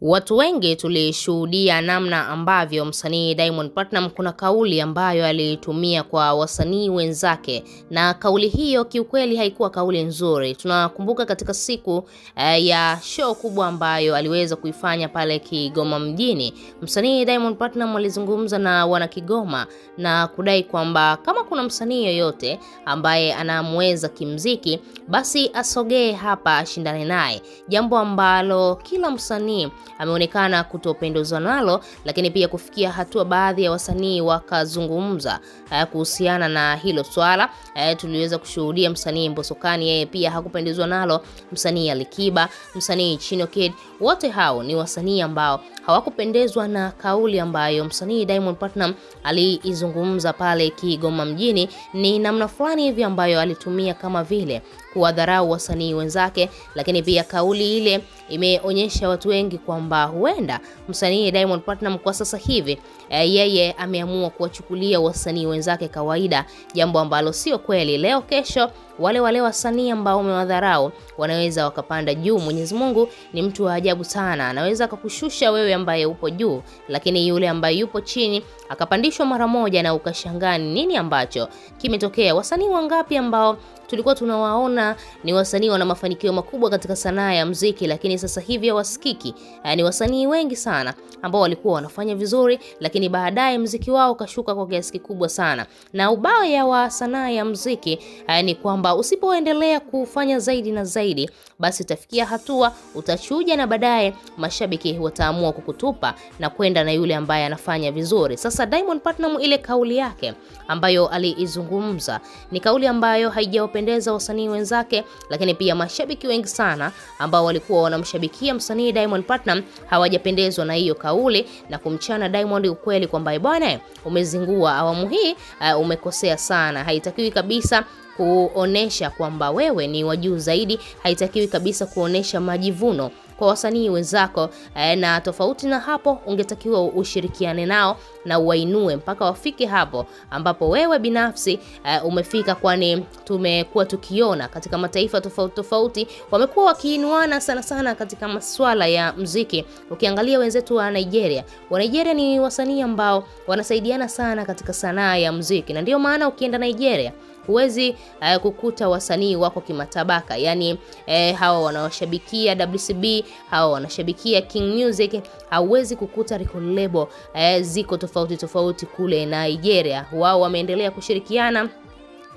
Watu wengi tulishuhudia namna ambavyo msanii Diamond Platinum kuna kauli ambayo aliitumia kwa wasanii wenzake, na kauli hiyo kiukweli haikuwa kauli nzuri. Tunakumbuka katika siku eh, ya show kubwa ambayo aliweza kuifanya pale Kigoma mjini, msanii Diamond Platinum alizungumza na wana Kigoma na kudai kwamba kama kuna msanii yoyote ambaye anamweza kimziki, basi asogee hapa ashindane naye, jambo ambalo kila msanii ameonekana kutopendezwa nalo, lakini pia kufikia hatua baadhi ya wasanii wakazungumza eh, kuhusiana na hilo swala. Eh, tuliweza kushuhudia msanii Mbosokani, yeye pia hakupendezwa nalo, msanii Alikiba, msanii Chino Kid, wote hao ni wasanii ambao hawakupendezwa na kauli ambayo msanii Diamond Platinum aliizungumza pale Kigoma mjini. Ni namna fulani hivi ambayo alitumia kama vile kuwadharau wasanii wenzake, lakini pia kauli ile imeonyesha watu wengi kwamba huenda msanii Diamond Platinum kwa sasa hivi eh, yeye ameamua kuwachukulia wasanii wenzake kawaida, jambo ambalo sio kweli. Leo kesho wale wale wasanii ambao umewadharau wanaweza wakapanda juu. Mwenyezi Mungu ni mtu wa ajabu sana, anaweza akakushusha wewe ambaye upo juu, lakini yule ambaye yupo chini akapandishwa mara moja, na ukashangaa nini ambacho kimetokea. Wasanii wangapi ambao tulikuwa tunawaona ni wasanii wana mafanikio makubwa katika sanaa ya muziki, lakini sasa hivi hawasikiki. Eh, ni wasanii wengi sana ambao walikuwa wanafanya vizuri, lakini baadaye muziki wao kashuka kwa kiasi kikubwa sana. Na ubaya wa sanaa ya muziki eh, ni kwamba usipoendelea kufanya zaidi na zaidi, basi utafikia hatua utachuja, na baadaye mashabiki wataamua kukutupa na kwenda na yule ambaye anafanya vizuri. Sasa Diamond Platinum, ile kauli yake ambayo aliizungumza ni kauli ambayo haijawapendeza wasanii wenzake zake, lakini pia mashabiki wengi sana ambao walikuwa wanamshabikia msanii Diamond Platnumz hawajapendezwa na hiyo kauli na kumchana Diamond ukweli kwamba eh bwana, umezingua awamu hii, uh, umekosea sana, haitakiwi kabisa kuonesha kwamba wewe ni wa juu zaidi, haitakiwi kabisa kuonesha majivuno kwa wasanii wenzako e, na tofauti na hapo ungetakiwa ushirikiane nao na uwainue mpaka wafike hapo ambapo wewe binafsi e, umefika, kwani tumekuwa tukiona katika mataifa tofauti tofauti wamekuwa wakiinuana sana sana katika masuala ya mziki. Ukiangalia wenzetu wa Nigeria, wa Nigeria ni wasanii ambao wanasaidiana sana katika sanaa ya mziki, na ndio maana ukienda Nigeria huwezi uh, kukuta wasanii wako kimatabaka, yani eh, hawa wanaoshabikia WCB, hawa wanashabikia King Music, hauwezi kukuta record label eh, ziko tofauti tofauti kule Nigeria. Wao wameendelea kushirikiana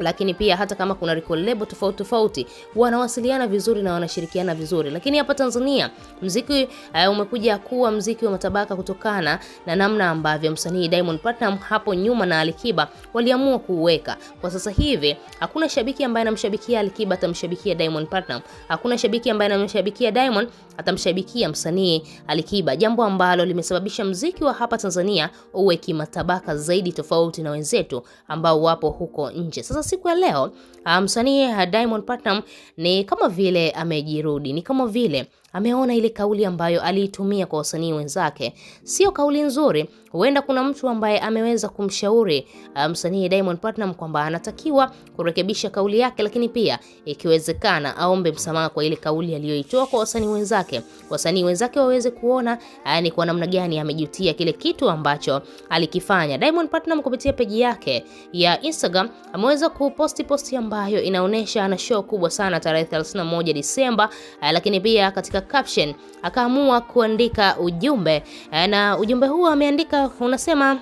lakini pia hata kama kuna record label tofauti tofauti wanawasiliana vizuri na wanashirikiana vizuri. Lakini hapa Tanzania mziki uh, umekuja kuwa mziki wa matabaka kutokana na namna ambavyo msanii Diamond Platinum hapo nyuma na Alikiba waliamua kuuweka. Kwa sasa hivi hakuna shabiki ambaye anamshabikia Alikiba atamshabikia Diamond Platinum, hakuna shabiki ambaye anamshabikia Diamond atamshabikia msanii Alikiba, jambo ambalo limesababisha mziki wa hapa Tanzania uwe kimatabaka zaidi tofauti na wenzetu ambao wapo huko nje. Sasa siku ya leo ah, msanii ah, Diamond Platnumz ni kama vile amejirudi, ni kama vile ameona ile kauli ambayo aliitumia kwa wasanii wenzake sio kauli nzuri. Huenda kuna mtu ambaye ameweza kumshauri ah, msanii Diamond Platnumz kwamba anatakiwa kurekebisha kauli yake, lakini pia ikiwezekana aombe msamaha kwa ile kauli aliyoitoa kwa wasanii wenzake, wasanii wenzake waweze kuona ah, ni kwa namna gani amejutia kile kitu ambacho alikifanya. Diamond Platnumz kupitia peji yake ya Instagram ameweza kuposti posti ambayo inaonyesha ana show kubwa sana tarehe 31 Disemba, ah, lakini pia katika caption akaamua kuandika ujumbe, eh, na ujumbe huo ameandika unasema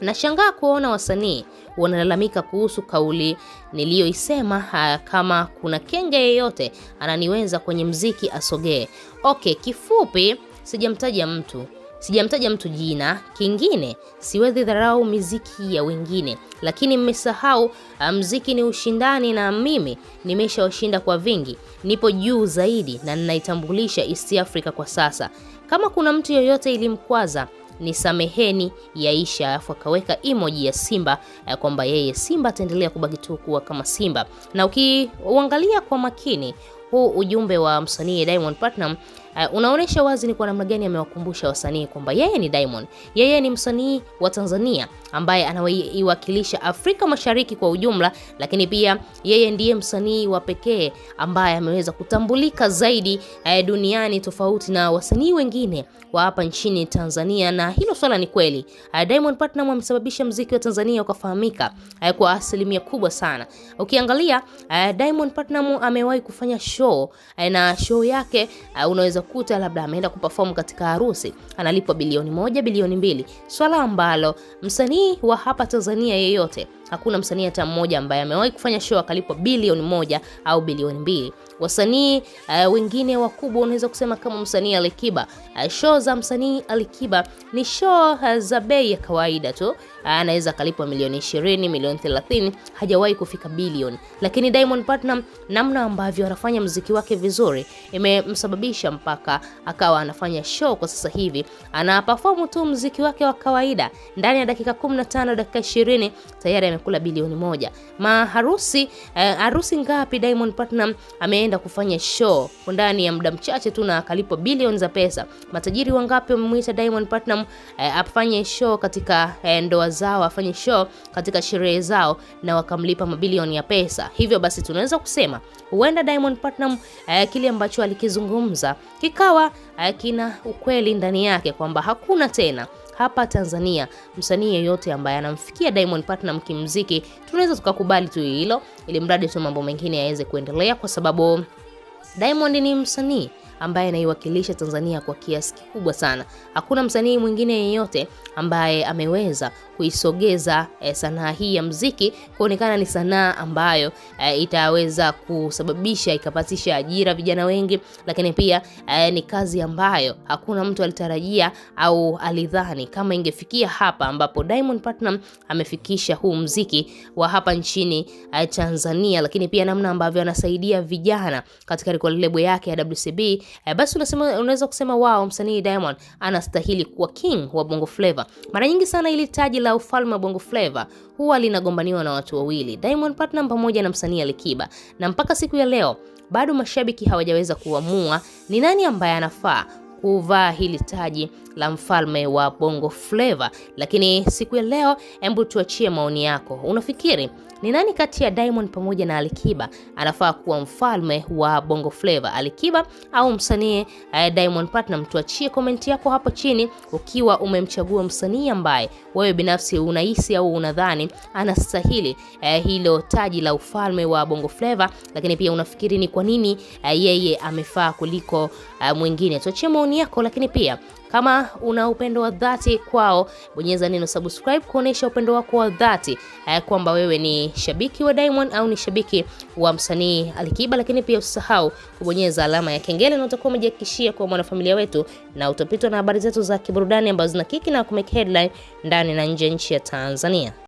Nashangaa kuona wasanii wanalalamika kuhusu kauli niliyoisema. Kama kuna kenge yeyote ananiweza kwenye mziki asogee. Okay, kifupi sijamtaja mtu Sijamtaja mtu jina. Kingine, siwezi dharau miziki ya wengine, lakini mmesahau ah, mziki ni ushindani, na mimi nimeshawashinda kwa vingi. Nipo juu zaidi na ninaitambulisha East Africa kwa sasa. Kama kuna mtu yoyote ilimkwaza ni sameheni yaisha, alafu akaweka emoji ya simba kwamba yeye Simba ataendelea kubaki tu kuwa kama Simba. Na ukiuangalia kwa makini huu ujumbe wa msanii Diamond Platnumz Uh, eh, unaonyesha wazi ni kwa namna gani amewakumbusha wasanii kwamba yeye ni Diamond, yeye ni msanii wa Tanzania ambaye anaiwakilisha Afrika Mashariki kwa ujumla, lakini pia yeye ndiye msanii wa pekee ambaye ameweza kutambulika zaidi uh, duniani tofauti na wasanii wengine wa hapa nchini Tanzania, na hilo swala ni kweli. Uh, Diamond Platnumz amesababisha mziki wa Tanzania ukafahamika uh, kwa asilimia kubwa sana. Ukiangalia uh, Diamond Platnumz amewahi kufanya show uh, na show yake uh, unaweza unaweza kukuta labda ameenda kuperform katika harusi analipwa bilioni moja, bilioni mbili, swala ambalo msanii wa hapa Tanzania yeyote hakuna msanii hata mmoja ambaye amewahi kufanya show akalipwa bilioni moja au bilioni mbili. Wasanii uh, wengine wakubwa unaweza kusema kama msanii Alikiba. Uh, show za msanii Alikiba ni show uh, za bei ya kawaida tu. Anaweza uh, akalipwa milioni 20, milioni 30, hajawahi kufika bilioni. Lakini Diamond Platinum, namna ambavyo anafanya mziki wake vizuri imemsababisha mpaka akawa anafanya show kwa sasa hivi, ana perform tu mziki wake wa kawaida ndani ya dakika 15, dakika 20 tayari kula bilioni moja. Maharusi harusi eh, ngapi Diamond Platinum ameenda kufanya show ndani ya muda mchache tu na akalipwa bilioni za pesa. Matajiri wangapi wamemuita Diamond Platinum eh, afanye show katika eh, ndoa zao, afanye show katika sherehe zao na wakamlipa mabilioni ya pesa. Hivyo basi tunaweza kusema huenda Diamond Platinum eh, kile ambacho alikizungumza kikawa eh, kina ukweli ndani yake kwamba hakuna tena hapa Tanzania, msanii yeyote ambaye anamfikia Diamond Platnumz kimuziki, tunaweza tukakubali tu hilo, ili mradi tu mambo mengine yaweze kuendelea, kwa sababu Diamond ni msanii ambaye anaiwakilisha Tanzania kwa kiasi kikubwa sana. Hakuna msanii mwingine yeyote ambaye ameweza kuisogeza eh, sanaa hii ya mziki kuonekana ni sanaa ambayo eh, itaweza kusababisha ikapatisha ajira vijana wengi, lakini pia eh, ni kazi ambayo hakuna mtu alitarajia au alidhani kama ingefikia hapa ambapo Diamond Platnumz amefikisha huu mziki wa hapa nchini eh, Tanzania, lakini pia namna ambavyo anasaidia vijana katika record label yake ya WCB eh, basi unasema, unaweza kusema wao, msanii Diamond anastahili kuwa king wa Bongo Flava. Mara nyingi sana ili taji la ufalme wa Bongo Flava huwa linagombaniwa na watu wawili, Diamond Platinum pamoja na msanii Alikiba, na mpaka siku ya leo bado mashabiki hawajaweza kuamua ni nani ambaye anafaa kuvaa hili taji la mfalme wa Bongo Flava. Lakini siku ya leo, hebu tuachie maoni yako. Unafikiri ni nani kati ya Diamond pamoja na Alikiba anafaa kuwa mfalme wa Bongo Flava, Alikiba au msanii eh, Diamond Platinum? Tuachie komenti yako hapo chini ukiwa umemchagua msanii ambaye wewe binafsi unahisi au unadhani anastahili eh, hilo taji la ufalme wa Bongo Flava, lakini pia unafikiri ni kwa nini eh, yeye amefaa kuliko eh, mwingine? Tuachie maoni maoni yako, lakini pia kama una upendo wa dhati kwao, bonyeza neno subscribe kuonesha upendo wako wa dhati eh, kwamba wewe ni shabiki wa Diamond au ni shabiki wa msanii Alikiba, lakini pia usisahau kubonyeza alama ya kengele na utakuwa umejihakikishia kwa mwanafamilia wetu, na utapitwa na habari zetu za kiburudani ambazo zina kiki na kumake headline ndani na nje ya nchi ya Tanzania.